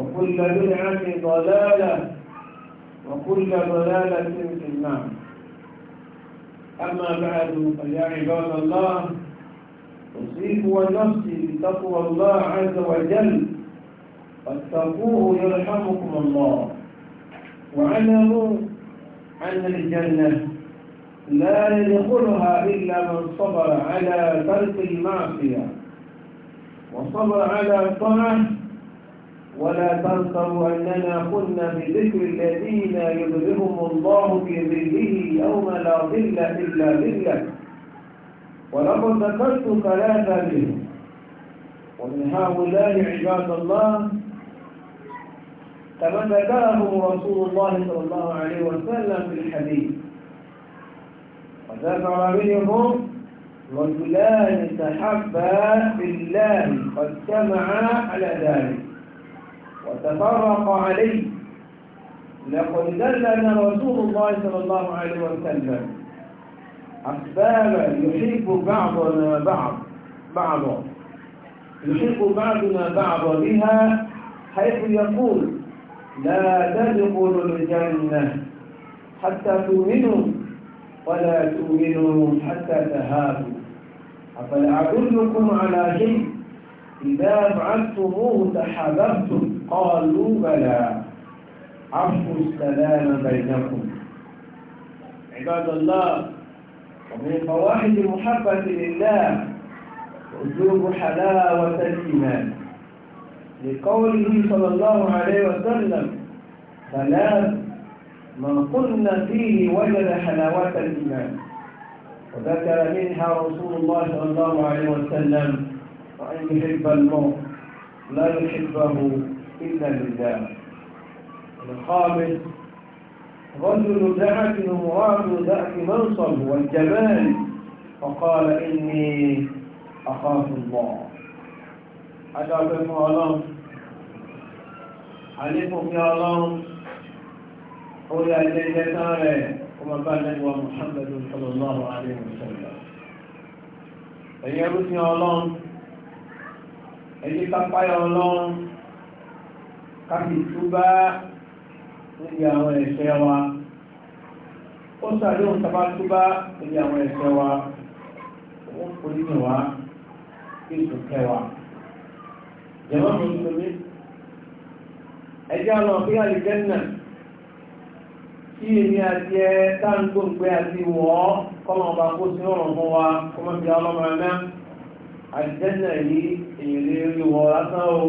وكل بدعة ضلالة وكل ضلالة في النار أما بعد فيا عباد الله أصيب ونفسي بتقوى الله عز وجل فاتقوه يرحمكم الله وعلموا أن الجنة لا يدخلها إلا من صبر على ترك المعصية وصبر على الطاعة ولا تنسوا أننا كنا بذكر الذين يظلمهم الله في ظله يوم لا ظل إلا ظله ولقد ذكرت ثلاثة منهم ومن هؤلاء عباد الله كما ذكرهم رسول الله صلى الله عليه وسلم في الحديث وذكر منهم رجلان تحبا بالله قد جمعا على ذلك وتفرق عليه لقد دلنا رسول الله صلى الله عليه وسلم أسبابا يحب بعضنا بعض بعضا يحب بعضنا بعضا بها حيث يقول لا تدخلوا الجنة حتى تؤمنوا ولا تؤمنوا حتى تهابوا أفلا أدلكم على شيء إذا بعثتموه تحاببتم قالوا بلى عفوا السلام بينكم عباد الله ومن فوائد محبة لله أسلوب حلاوة الإيمان لقوله صلى الله عليه وسلم ثلاث من قلنا فيه وجد حلاوة الإيمان وذكر منها رسول الله صلى الله عليه وسلم وأن يحب الموت لا يحبه إلا لله الخامس رجل دعت ومراد ذات منصب والجمال فقال إني أخاف الله أجابكم الله عليكم يا الله قول الذي تعالى وما قال هو محمد صلى الله عليه وسلم أيها رسول الله أيها تقوى أعلم káfí túbá níbi àwọn ẹ̀ṣẹ̀ wa ó sàdéhùn tàbá túbá níbi àwọn ẹ̀ṣẹ̀ wa òun forí ní wa kí èso kẹwàá jẹ̀mọ́ mi ń tóbi ẹjẹ́ àwọn ọ̀pẹ́ àlìjẹ́nà tí èmi àti ẹ táǹgbòǹgbẹ́ àti wọ́ kọ́mọ̀ ọba kó sí ọ̀rọ̀ fún wa kọ́mọ̀ bí ọlọ́mọ ẹ̀ná àlìjẹ́nà yìí èyí lè rí wọ́ lásán o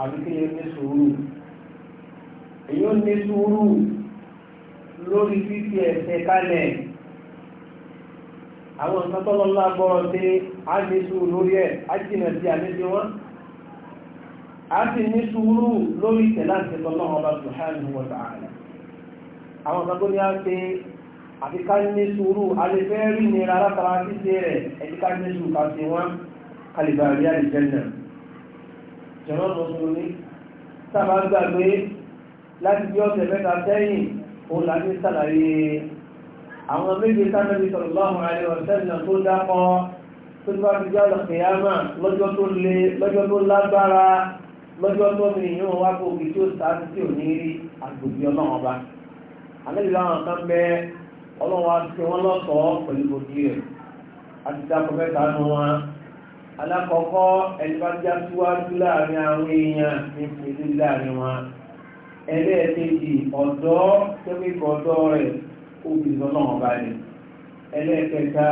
àbí kí yẹn ní sùúrù èyí ó ní sùúrù lórí fífi ẹ̀ṣẹ̀ kalẹ̀ àwọn nǹkan tọ́lọ́ ńlá gbọ́rọ̀ ṣe á ní sùúrù lórí ẹ̀ á jìnà sí àlejò wọn á sì ní sùúrù lórí tẹ̀lá ṣe tọ́lọ́ ọba subhanahu wa ta'ala àwọn nǹkan tó ní á ṣe ní sùúrù a rí ní rárá tara rẹ̀ ẹ̀dí ní sùúrù ká ṣe wọ́n jọ̀rọ̀ mùsùlùmí sábà gbàgbé láti bí ọ̀sẹ̀ mẹ́ta sẹ́yìn òun láti sàlàyé àwọn méje sánàbí sallallahu alaihi wa sallam tó dákọ́ tó bá fi jáde kìyàmà lọ́jọ́ tó le lọ́jọ́ tó lágbára lọ́jọ́ tó mi ìyún wá kó òkè tí ó sá sí òní rí àgbègbè ọlọ́run ọba àlejò àwọn kan bẹ ọlọ́run wa ti wọn lọ́sọ̀ọ́ pẹ̀lú gbòógì rẹ̀ àti dákọ̀ mẹ́ta nù wọn alákọ̀ọ́kọ́ ẹni bá já síwájú láàrin àwọn èèyàn ní ìpínlẹ̀ láàrin wọn ẹlẹ́ẹ̀kejì ọ̀dọ́ tẹ́kẹ̀kọ́ ọ̀dọ́ rẹ̀ obìnrin náà ọba rẹ̀ ẹlẹ́ẹ̀kẹta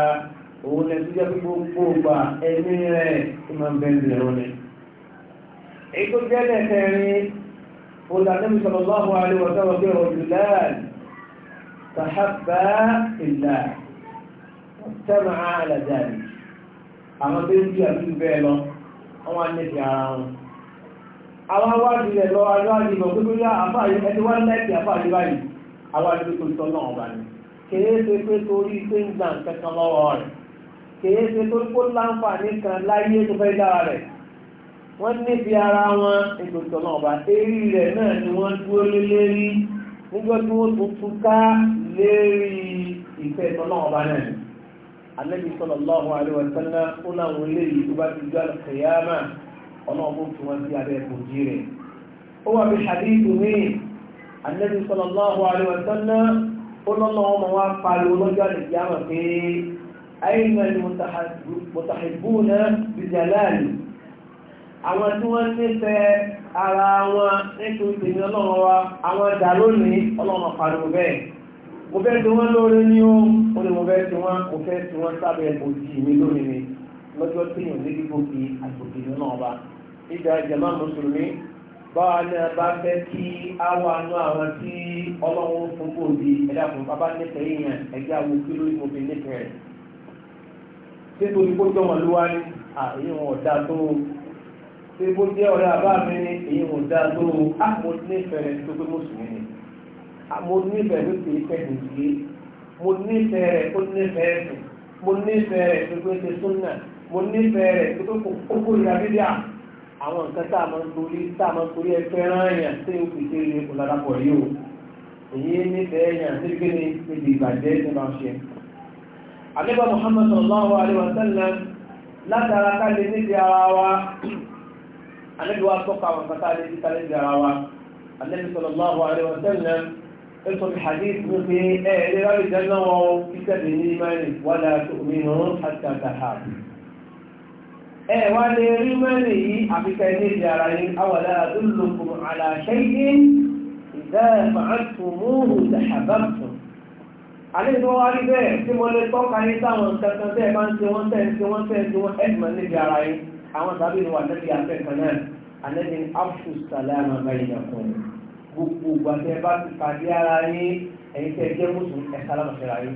òun lẹ tó jẹ́ pé gbogbo ọgbà ẹni rẹ̀ tó máa ń bẹ́ẹ̀ lẹ̀ wọn ni. èyí tó jẹ́ lẹ́ẹ̀kẹrin olùdásẹ́mi sọ̀rọ̀ lọ́wọ́ àríwá bí ọ̀dùn láàrin tàhábà ìlà tẹ́mà àlàjáde àwọn tó ń bí àti bẹ́ẹ̀ lọ wọ́n wá ní ti ara wọn àwọn awádìí rẹ̀ lọ aláàdì lọ pé bóyá àfáàyè ẹni wá lẹ́ẹ̀kì àfáàyè báyìí awádìí tó tọ́ náà wà ní kèé ṣe pé torí pé ń gbà kankan lọ́wọ́ rẹ̀ kèé ṣe tó kó láǹfààní kan láyé tó fẹ́ dára rẹ̀ wọ́n níbi ara wọn ètò ìtọ́ náà bá eré rẹ̀ náà ni wọ́n dúró lé lérí nígbà tí wọ́n tún túká lérí ìfẹ́ ìtọ́ náà bá náà Ànábì sallallahu alaihi wa sallam ó láwọn eléyìí tó bá ti jọ àlùkìyàmà ọlọ́ọ̀bù tí wọ́n sí abẹ́ ìbòjì rẹ̀ ó wà bí hadithu mi Ànábì sallallahu alaihi wa sallam ó lọ́nà ọmọ wa pariwo lọ́jọ́ àlùkìyàmà pé ayna al-mutahibbuna bi jalali àwọn tí wọ́n nífẹ̀ẹ́ ara wọn nítorí tèmi ọlọ́run wa àwọn dà lónìí pariwo bẹ́ẹ̀ mo fẹ́ tí wọ́n lóore ní ó ó ní mo fẹ́ tí wọ́n mo fẹ́ tí wọ́n sábẹ́ òjì mi lónìí mi lọ́jọ́ tí yòó ní kíkó fi àgbòkè nínú ọba ìjà ìjàmá mùsùlùmí báwa a bá fẹ́ kí á wà nú àwọn tí ọlọ́run fún bòdì ẹ̀dá fún bàbá nífẹ̀ẹ́ yìnyín ẹ̀jẹ̀ àwọn òkè lórí mo fi nífẹ̀ẹ́ rẹ̀ sípò ìkó jọ wọn ló wá ní àyè wọn ọ̀dà tó sípò jẹ́ ọ̀rẹ́ àbá mi ní èyí Ah, mo nífẹ̀ẹ́ ló ti fẹ́ nìyí mo nífẹ̀ẹ́ rẹ̀ ó nífẹ̀ẹ́ rẹ̀ mo nífẹ̀ẹ́ rẹ̀ tó gbé ṣe súnà mo nífẹ̀ẹ́ rẹ̀ tó gbé kókó ìlà bíbí à àwọn nǹkan tá a máa ń torí tá a máa ń torí ẹgbẹ́ ráyàn tí o fi ṣe kò lára pọ̀ yìí o èyí nífẹ̀ẹ́ yàn tí gbé ní ibi ìbàjẹ́ ní máa ṣe. àlébà Muhammad sallallahu alaihi wa sallam látara ká níbi ara wa àlébà wa tọ́ka àwọn nǹkan tá a lè níbi ara wa àlébà sallallahu alaihi wa sallam انتم الحديث مثل ايه لا يجلنا وكتاب الايمان ولا تؤمنون حتى تحابوا ايه ولا الايمان ابي كان يعني اولا ادلكم على شيء اذا فعلتموه تحببتم àlejò wa rí bẹ́ẹ̀ tí mo lè tọ́ka ní táwọn kankan ara yìí àwọn tàbí ni wà lẹ́bi afẹ́ kan náà àlejò afṣù sàlámà báyìí gbogbo gbàtẹ́ bá ti pàdé ara yín ẹ̀yin tẹ́ jẹ́ mùsùlùmí ẹ̀ sálámà fẹ́ra yín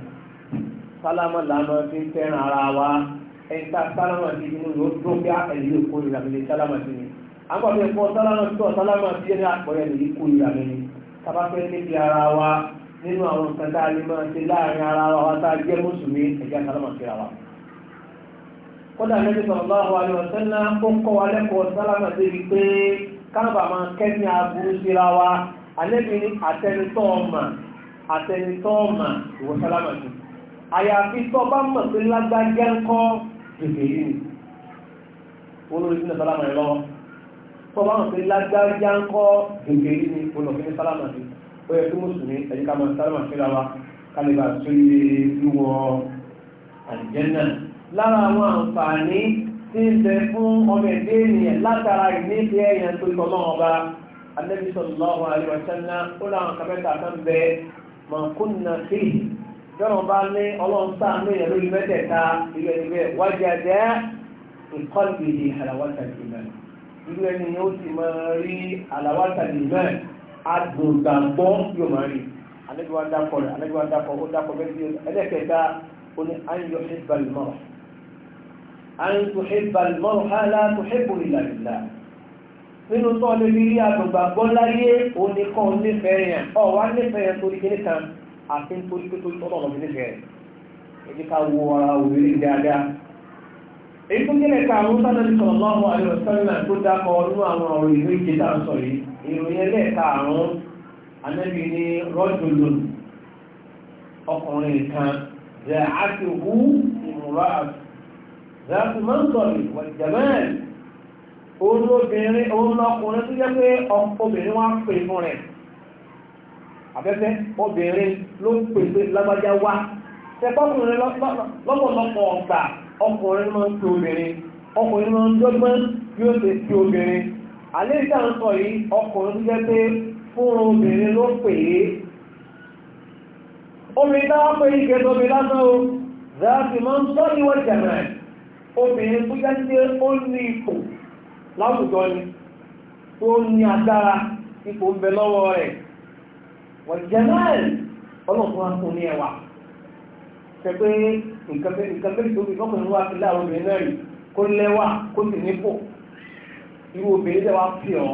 sálámà lànà ti fẹ́ràn ara wa ẹ̀ta sálámà ti inú ah, yóò dún bí ẹ̀yìn yóò kó ìlànà ilé sálámà ti ni àwọn àmì ẹ̀kọ́ sálámà ti tọ̀ sálámà ti yẹ́ ní àpọ̀yẹ́ ní kó ìlànà ni tábà fẹ́ níbi ara wa nínú àwọn nǹkan tá a lè máa ṣe láàrin ara wa tá a jẹ́ mùsùlùmí ẹ̀jẹ̀ sálámà fẹ́ra wa kódà Nabi sallallahu alaihi wasallam ó kọ́ wa lẹ́kọ̀ọ́ sálámà débi pé káàbà máa kẹ́ni aburú síra wa alẹ́bí ní àtẹnitọ́ ọmọ àtẹnitọ́ ọmọ ìwọ̀sálámà sí àyàfi tó bá mọ̀ pé lágbájá ń kọ́ gbèsè yìí olórí sínú sálámà ẹ̀ lọ́wọ́ bá mọ̀ pé lágbájá ń kọ́ gbèsè ni olórí sínú sálámà sí ó yẹ kí mùsùlùmí ẹ̀yìn ká máa sálámà síra wa kálíbà tó yẹ lúwọ́ àlìjẹ́nà lára àwọn àǹfààní tí ń bẹ fún ọmọ ẹ̀dẹ́ ènìyàn látara ìníbi ẹ̀yàn tó ikọ̀ náà ọba Ànábì sallallahu alaihi wa sallam ó láwọn kàmẹ́ta kan bẹ mọ̀kúnnà sí yọ̀nà bá ní ọlọ́run sáànú èèyàn lórí mẹ́tẹ̀ẹ̀ta ìlú ẹni bẹ́ẹ̀ wájà jẹ́ ìkọ́lùbì àlàwátà ìmọ̀ ìlú ẹni ó sì máa rí àlàwátà ìmọ̀ agbòǹgbàgbọ́ yóò máa rí Ànábì dákọ̀ rẹ̀ Ànábì dákọ̀ ó dákọ̀ bẹ́ẹ̀ sí ẹlẹ́kẹ̀ẹ́ta ó ní ayọ̀ ìbàlùmọ̀ أن تحب al لا تحب إلا الله billah nínú tó lè rí rí agbègbè àgbọ́ láyé òní kan nífẹ̀ẹ́ yẹn ọ̀ wá nífẹ̀ẹ́ yẹn torí kíní kan àti nítorí pé torí tọ́lọ̀ lọ́bí nífẹ̀ẹ́ rẹ̀ èyí ká wo ara òwúrí dáadáa èyí tó kílẹ̀ ká àwọn sánàlì sallallahu alaihi wasallam tó dákọ̀ láti mọ́sọ̀lì wàlìjàmẹ́ẹ̀lì oòrùn obìnrin oòrùn ọkùnrin tó jẹ́ pé obìnrin wá pè fún rẹ̀ afẹ́fẹ́ obìnrin ló ń pè pé lágbájá wá tẹ́kọ́kùnrin lọ́pọ̀lọpọ̀ ọ̀gbà ọkùnrin máa ń pè obìnrin ọkùnrin máa ń dọ́gbọ́n bí ó ṣe pè obìnrin alẹ́ ìta ń sọ yìí ọkùnrin tó jẹ́ pé fún obìnrin ló pè é obìnrin táwọn obìnrin tó jẹ́ pé ó ní ipò láwùjọ ni tó ní agbára ipò ń bẹ lọ́wọ́ rẹ̀ wọ́n jẹ́ náà ọlọ́pàá wọn kò ní ẹwà ṣe pé nǹkan bẹ́ẹ̀ tó fi fọ́kùnrin wá sí láwọn obìnrin náà rí kó lẹ́wà kó sì nípò irú obìnrin tẹ́wà fi ọ́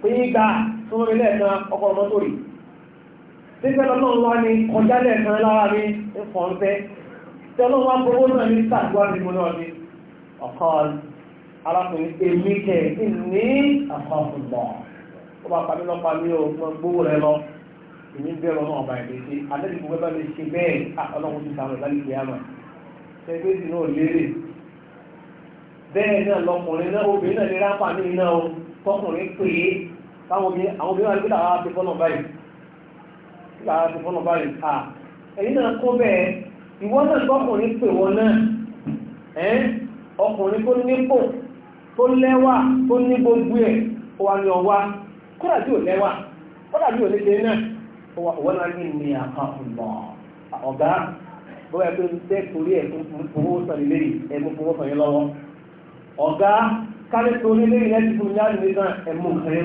pé yíga tó ń rí lẹ́ẹ̀kan ọkọ̀ ọmọ tó rí síbẹ̀ lọ́nà wọn ni kọjá lẹ́ẹ̀kan lára mi ń fọ́n fẹ́ tẹ́lọ́ wá gbogbo náà ní sàgbà nínú náà ní ọ̀kan alákùnrin èmi kẹ̀ ní àpapọ̀lọ̀ ó bá pàmí lọ́pàá ní o mọ gbogbo rẹ lọ èmi bẹ̀rọ náà ọba ìdè sí alẹ́ ìgbogbo bá lè ṣe bẹ́ẹ̀ ọlọ́run ti sàrọ̀ lálẹ́ ìgbé àmà ṣẹgbẹ́ sì náà lérè bẹ́ẹ̀ náà lọkùnrin náà obìnrin náà lè rápà ní iná o tọkùnrin pè é táwọn obìnrin wà ní pé làwọn á báyìí ìwọ náà kọkùnrin pè wọn náà ẹ́ ọkùnrin tó nípò tó lẹ́wà tó ní gbogbo ẹ̀ wà ní ọwá kódà ò lẹ́wà kódà ò náà wọ́n náà ní ní àpapọ̀ ọ̀gá bó pé tẹ́ torí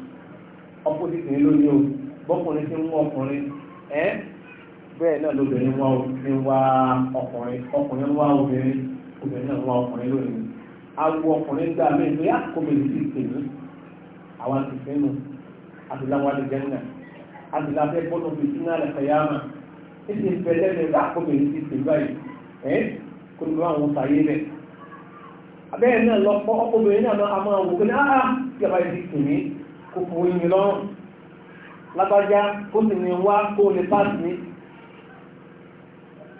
opposite ní lónìí o bọ́kùnrin ti ń wọ ọkùnrin ẹ́ bẹ́ẹ̀ náà lóbìnrin wá obìnrin wá ọkùnrin ọkùnrin wá obìnrin obìnrin náà wá ọkùnrin lónìí awo ọkùnrin gbà mí pé àkómìnì ti tèmi àwọn àtìfẹ́ nù àtìláwọ̀ àdìjẹ́ náà àtìláfẹ́ gbọ́dọ̀ fi sínú àlẹ́ fẹ́yàmà ètò ìfẹ́lẹ́ rẹ̀ bá àkómìnì ti tèmi báyìí ẹ́ kó ló máa wọn fàyè rẹ̀ abẹ́rẹ́ náà lọ́pọ̀ obìnrin náà máa wò pé áá kò fò yìn lọ́rùn lágbájá kó sì ní wá kó lè pàṣẹ ní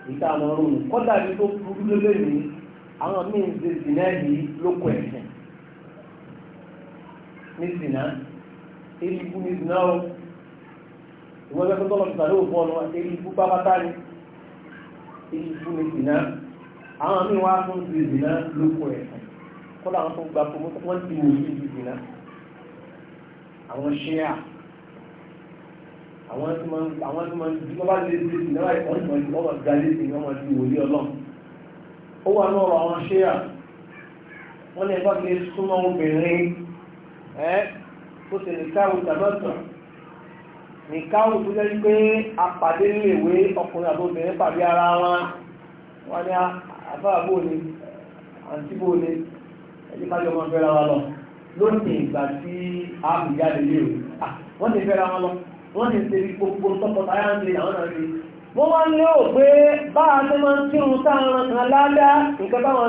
ìta àwọn ọrùn kọ́dà ní tó burú lélẹ̀ ní àwọn míì ń ṣe ìsìnà yìí lóko ẹ̀sìn ní ìsìnà èyí bú ní ìsìnà o ìwọ́n fẹ́ tọ́lọ̀ ti sàlẹ̀ òfin ọ̀nà èyí bú pápátá ni èyí bú ní ìsìnà àwọn míì wá fún ìsìnà lóko ẹ̀sìn kọ́dà wọn tó gba promotion wọ́n ti wò ní ìsìnà àwọn ṣíà àwọn tí wọ́n àwọn tí wọ́n tí wọ́n bá lè lè ní ọ̀rọ̀ ìwọ̀n ìwọ̀n ìwọ̀n ìwọ̀n ga lè ní ọmọ ti wòlé ọlọ́run ó wà lọ́rọ̀ àwọn ṣíà wọ́n lè bá lè súnmọ́ obìnrin ẹ́ tó sì ní káwù tàbátà ní káwù tó jẹ́ pé apàdé léèwé ọkùnrin àti obìnrin pàdé ara wọn wọ́n ní àbáàbò ni àǹtíbò ni ẹ̀jẹ̀ ká jọ máa fẹ́ra wa lọ. lónìí ìgbà tí àmì jáde lé o wọ́n ti fẹ́ra wọn lọ wọ́n ti ṣe gbogbo tọkọtaya ń lè àwọn àrí wọ́n wá ní ò pé bá a tó máa ń tí nǹkan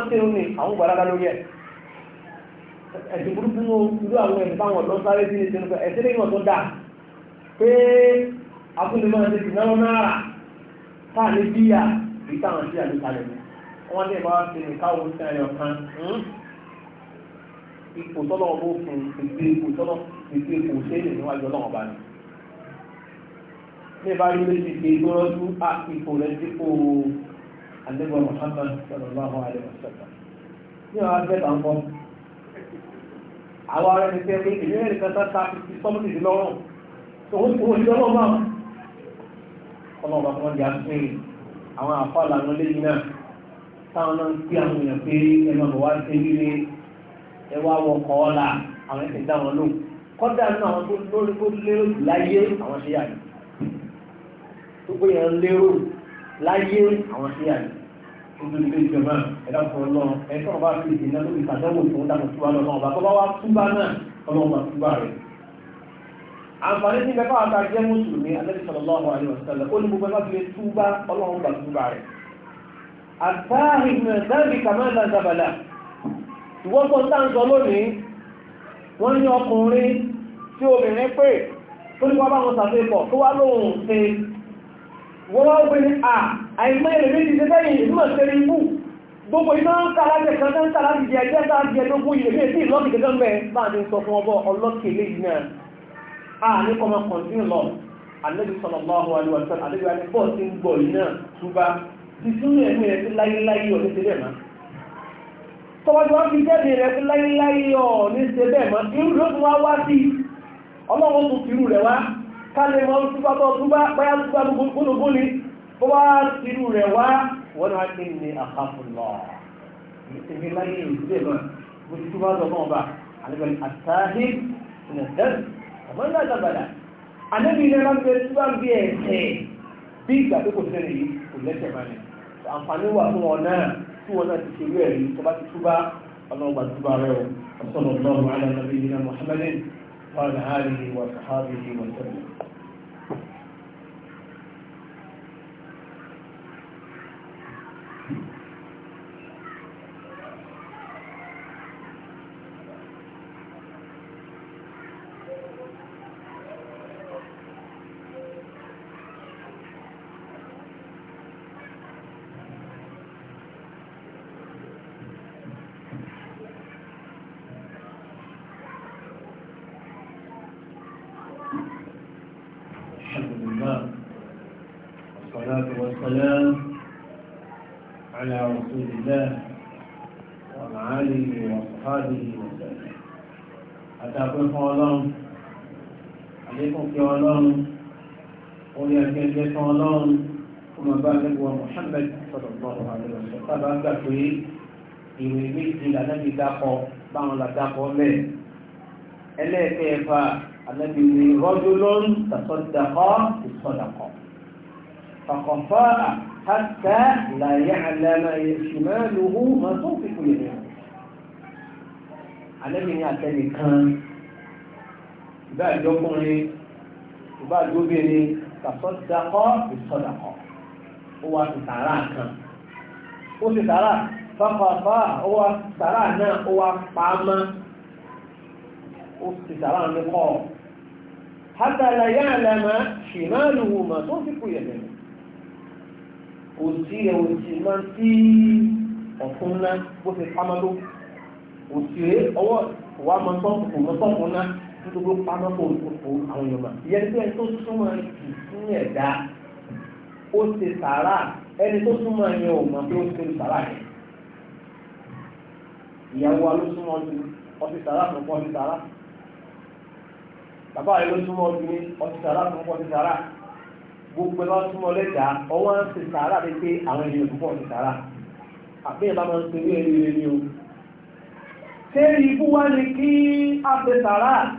tí ní àwọn lórí ẹ̀ ẹ̀sìn burúkú irú àwọn ẹ̀sìn sáré sí nípa ẹ̀sìn lẹ́yìn ọ̀tọ́ dà pé máa ti wọn náà táà ní bíyà bí táwọn sí àdúgbò rẹ̀ wọ́n ní ìbáwá sí ipò tọ́lọ̀ ọ̀bọ̀ fún ìdí ipò tọ́lọ̀ ìdí ipò sẹ́yìn níwájú ọlọ́wọ̀n bá ní. bí bá rí létí pé gbọ́rọ́dú á ipò rẹ̀ dípò àdébọ̀ Muhammad sallallahu alaihi wasallam. ní àwọn abẹ́ta ń bọ́ àwọn ará ẹni tẹ́ pé èmi rẹ̀ nìkan tá ta fi sọ́mọ́tì sí lọ́rùn tó ń kó ojú ọlọ́wọ́ máa ọlọ́wọ́ bá ẹ wá wọ kọ́ ọ́ la àwọn ẹ̀sìn dá wọn lóhùn kọ́dà náà àwọn tó lórí tó lérò láyé àwọn ṣe yà ní tó pé yẹn lérò láyé àwọn ṣe yà ní ojú ilé ìjọba ẹ̀dá fún ọlọ́run ẹ̀sọ́ ọba fi ìdènà lórí ìtàdánwò fún dàpọ̀ túbà lọ́nà ọba tó bá wá túbà náà ọlọ́run bá túbà rẹ̀ àǹfààní ní bẹ́ẹ̀ bá jẹ́ mùsùlùmí alẹ́bí sallallahu alaihi wasallam ó ní gbogbo ẹgbẹ́ fi túbà ọlọ́run bá rẹ̀ àtàrí ìgbìmọ̀ ẹ̀dá ìwọ́gbọ́n táǹsọ lónìí wọ́n ní ọkùnrin tí obìnrin pè tó ní wọ́n bá wọn sàfẹ́kọ̀ tó wá lóhun ṣe wọ́n wá gbé ní à àìmọ́ èrè méjì tẹ́ bẹ́yìn ìdúmọ̀ sẹ́rí mú gbogbo iná ń ká láti ẹ̀kan tẹ́ ń ká láti jẹ ẹgbẹ́ tá jẹ lógún ilé méjì lọ́kì gẹ́gẹ́ mẹ́ bá ní sọ fún ọbọ̀ ọlọ́kì eléyìí náà a ní kọ́mọ kọ̀ǹtínú lọ àlejò sọ̀rọ̀ mọ́ àwọn àlejò àti àlejò àti bọ́ọ̀ ti ń gbọ̀ yìí náà tọ́wọ́jọ́ fi jẹ́bì rẹ̀ fún láyíláyíọ̀ ní ṣe bẹ́ẹ̀ mọ́ irú ló tún wá wá sí ọlọ́run tún fìrú rẹ̀ wá kálẹ̀ mọ́ túbátọ́ túbá báyá túbá gbogbo ní bó wá fìrú rẹ̀ wá wọ́n wá kí ni àkàfùlọ̀ ìṣẹ́gbẹ́ láyé ìṣẹ́ mọ́ bó ti túbá lọ mọ́ ọba àlẹ́bẹ̀rẹ̀ àtàhí ìnàdẹ́rù àmọ́ ní àtàbàdà àlẹ́bí ilẹ̀ máa ń bẹ túbá bí ẹ̀ṣẹ̀ bí ìgbà pé kò sẹ́ni yìí kò lẹ́sẹ̀ máa ní àǹfààní wà fún ọ náà تو انا تشيري تبا تشوبا اللهم تبا غيره وصلى الله على نبينا محمد وعلى اله وصحبه وسلم pín fún ọlọ́run àlékún kí ọlọ́run orí ẹgbẹ́gbẹ́ fún ọlọ́run fún ọba ẹgbẹ́ Muhammad sọ̀rọ̀ àlejò sábà gbà pé ìròyìn méjì lànàbí dákọ̀ báwọn là dákọ̀ حتى لا يعلم شماله ما تنفق يمينه àlẹ́bí ni àtẹnì kan ìbá ìjọkùnrin ìbá ìjọbìnrin tàṣọ́dakọ́ ìṣọ́dakọ́ ó wá ti tààrà kan ó ti tààrà fáfàfá ó wá tààrà náà ó wá pàámọ́ ó ti tààrà ní kọ́ hátàlá yáà lẹ́mọ́ ṣìmáàlùwò mà tó fi kú yẹ̀lẹ̀ kò sí ẹ̀wọ̀n tí máa tí ọ̀tún náà bó ti pàmọ́ ló kò sí ọwọ́ wà mọ́ sọ́ọ̀kù mọ́ sọ́ọ̀kù náà nítorí pamọ́ kò fò àwọn èèyàn máa ìyẹn tó ẹni tó súnmọ́ jù fún ẹ̀dá ó ṣe sàárà ẹni tó súnmọ́ yẹn ò mọ̀ pé ó ṣe sàárà yẹn ìyàwó wa ló súnmọ́ ju ọtí sàárà fún ọtí sàárà bàbá rẹ ló súnmọ́ ju ọtí sàárà fún ọtí sàárà gbogbo ẹgbẹ́ súnmọ́ lẹ́jà ọwọ́ ń ṣe sàárà rẹ pé àwọn ènìyàn púpọ̀ ṣe sàárà àbẹ́yẹn bá máa ń ṣe ní ẹni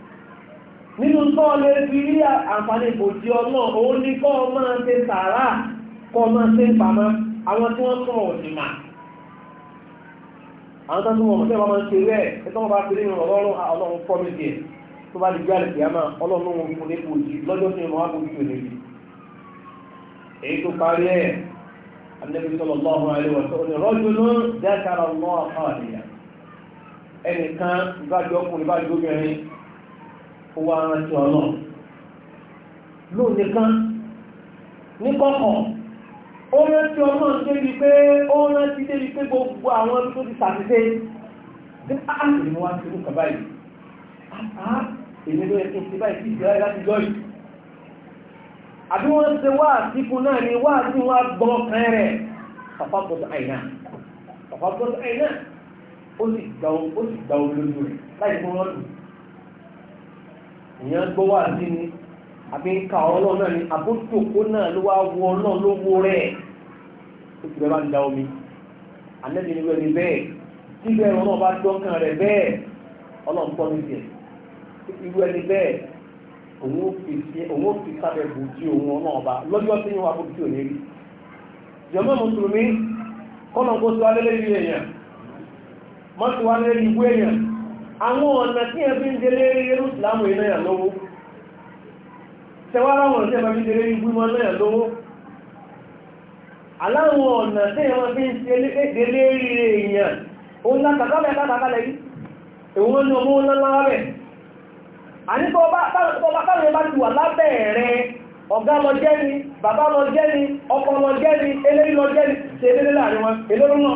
nínú tó lè fi rí àǹfààní kò tí ọlọ́ òun ní kọ́ máa ṣe sàárà kọ́ máa ṣe pàmọ́ àwọn tí wọ́n tún ọ̀dì mà àwọn tó tún ọmọ tẹ́wọ́ máa ń ṣe rẹ̀ ẹ̀tọ́ wọn bá fi rí ọlọ́run ọlọ́run fọ́ mi díẹ̀ tó bá di gbé àlè kìámà ọlọ́run òun fún lẹ́kọ̀ọ́ yìí lọ́jọ́ tí wọ́n wá kó jù ó wá rántí ọlọ́run lóò nìkan ní kọ́kọ̀ ó rántí ọlọ́run débi pé ó rántí débi pé gbogbo àwọn tó ti sàtìsẹ́ ní ààrẹ mọ́ wá sí ìlú kàbá yìí àá ah, ah, èmi ló yẹ kí n ti báyìí sí ìgbéra láti jọ yìí àbí wọ́n ṣe wá àtìkù náà ni wá àti wọn gbọ́n kan rẹ̀ pàpàpọ̀tò àìná pàpàpọ̀tò àìná ó sì gbà ó sì gbà ó lójú rẹ̀ láì fún wọn èèyàn gbọ́ wà sí ni àbí ń ka ọlọ́run náà ni àbójútòkó náà ló wá wọ ọlọ́run ló wo rẹ̀ ó ti bẹ́ẹ̀ bá ń da omi ànẹ́bí ni wẹ́ni bẹ́ẹ̀ síbẹ̀ ẹ̀rọ náà bá dọ́kàn rẹ̀ bẹ́ẹ̀ ọlọ́run pọ́ níbi ẹ̀ irú ẹni bẹ́ẹ̀ òun ó fi sábẹ̀ bù tí òun ọ̀nà ọba lọ́jọ́ tí wọ́n abójú tí ò ní rí jọmọ́ mùsùlùmí kọ́nà kó tó alẹ́lẹ́ ìlú èèyàn mọ́tò alẹ́lẹ́ ìwé èèyàn àwọn ọ̀nà tí ẹbí ń délé irú ìsìlámù ináyà lówó tẹwàá láwọn ọ̀nà tí ẹbí ń délé irú ìgbìmọ̀ náà lówó aláwọn ọ̀nà tí ọmọ bá ti wà ọ̀gá lọ jẹ́ ni bàbá lọ jẹ́ ni ọkọ lọ jẹ́ ni lọ jẹ́ ni ṣe láàrin wọn náà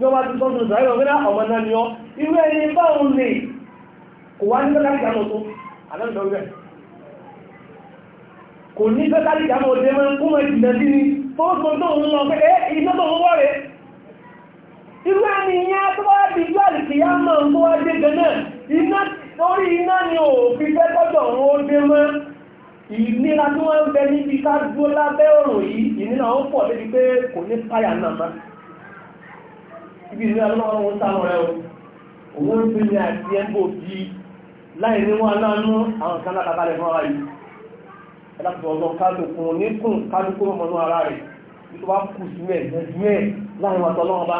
lọ́wọ́ ti tọ́jú ìsìláìlọ́ wíná ọmọ náà ni ọ́ irú ẹni báwọn lè kò wá ní fẹ́kálì ìdámọ̀ tó àlọ́jọ́ rẹ̀ kò ní fẹ́kálì ìdámọ̀ òde mọ́ kó mọ̀ ìjìnlẹ̀ sí ni tó tó tó ń lọ pé iná tó ń wọ́ irú ẹni yẹn tó wá di ìlú àlìkìyà mọ̀ tó wá dé gan náà iná iná ni ò fi fẹ́ tọ́jọ̀ òun ó dé mọ́ ìnira ibi ìlú ọlọ́run wọn sá lọ́rẹ́ o owó ń pè ní àti ẹgbò bí láì ní wọn aláàánú àwọn kan láta kalẹ̀ fún ara yìí ẹlẹ́pọ̀ ọ̀dọ́ kálukùn oníkùn kálukùn ọmọnú ara rẹ̀ tó bá kù sílẹ̀ ẹ̀dúnẹ̀ láì wọn tọ́lọ́wọ́n bá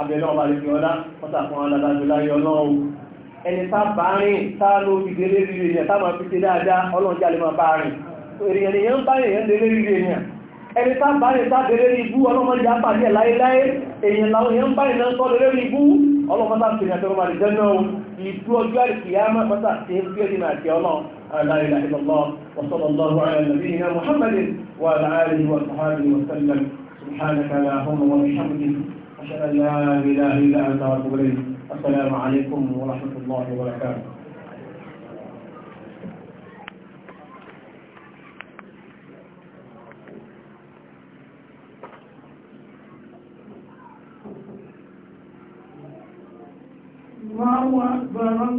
abẹ̀lẹ́ ọba lè fi ọlá pátá fún aládájọ́ láyé ọlọ́run ẹni tá bá rìn tá ló fi délé rírì èèyàn tá máa fi ṣe dáadáa ọlọ́run jálè máa bá rìn èèyàn èèyàn ń bá èèyàn délé rírì èèyàn ẹni tá bá rìn tá délé rí ibú ọlọ́mọdé apàdé láyéláyé èèyàn làwọn èèyàn bá ìlànà sọ́lọ lórí ibú ọlọ́pàá ti rìn àtọ́rọ̀ màlì jẹ́nà ìdú ọjọ́ ìkìyàmá pátá tí ó fíẹ́ dínà àti ọlọ́run aláìlá ìlọ́lọ́ wọ́sọ́lọ́lọ́rù àyànnàbíyìnà muhammadin wà láàrin wà sàhárì wà sàlẹ̀ subhanaka la hawla wa la quwwata illa billah la ilaha illa anta astaghfiruka wa atubu ilayk assalamu alaykum wa rahmatullahi wa barakatuh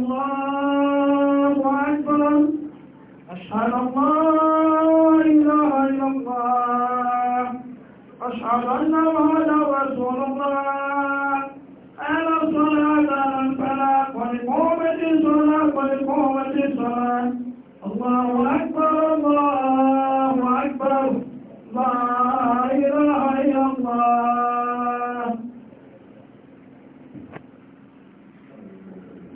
الله